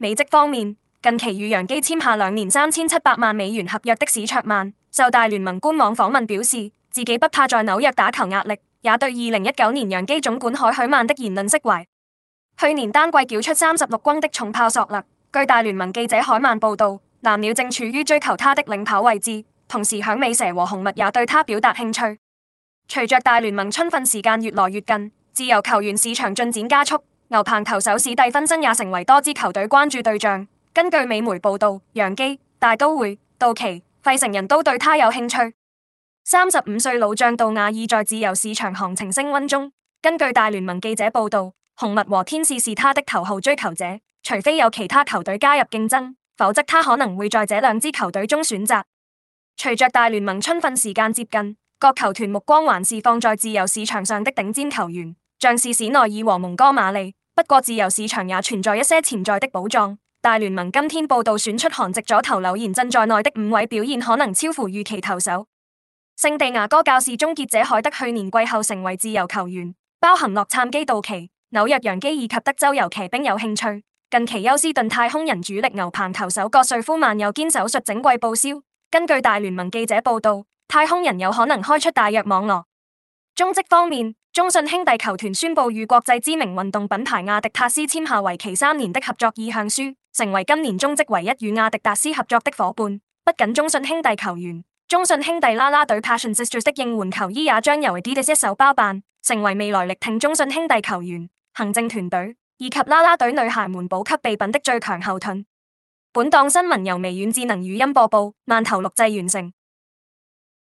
美職方面，近期與楊基簽下兩年三千七百萬美元合約的史卓曼，受大聯盟官網訪問表示，自己不怕在紐約打球壓力，也對二零一九年楊基總管海許曼的言論釋懷。去年單季繳出三十六轟的重炮索勒，據大聯盟記者海曼報道，藍鳥正處於追求他的領跑位置，同時響尾蛇和紅襪也對他表達興趣。隨着大聯盟春訓時間越來越近，自由球員市場進展加速。牛棚球手史蒂芬森也成為多支球隊關注對象。根據美媒報道，楊基、大都會、道奇、費城人都對他有興趣。三十五歲老將杜瓦爾在自由市場行情升温中，根據大聯盟記者報道，紅襪和天使是他的頭號追求者。除非有其他球隊加入競爭，否則他可能會在這兩支球隊中選擇。隨着大聯盟春訓時間接近，各球團目光還是放在自由市場上的頂尖球員，像是史內爾和蒙哥馬利。不過自由市場也存在一些潛在的寶藏。大聯盟今天報道選出韓籍左投柳賢振在內的五位表現可能超乎預期投手。聖地牙哥教士終結者海德去年季後成為自由球員，包含洛杉磯道奇、紐約洋基以及德州游騎兵有興趣。近期休斯頓太空人主力牛棚投手葛瑞夫曼右肩手術整季報銷。根據大聯盟記者報道，太空人有可能開出大約網絡。中職方面。中信兄弟球團宣布與國際知名運動品牌阿迪達斯簽下為期三年的合作意向書，成為今年中職唯一與阿迪達斯合作的伙伴。不僅中信兄弟球員，中信兄弟啦啦隊 Passion Sisters 的應援球衣，也將由 adidas 一手包辦，成為未來力挺中信兄弟球員、行政團隊以及啦啦隊女孩們補給備品的最強後盾。本檔新聞由微軟智能語音播報，慢頭錄製完成。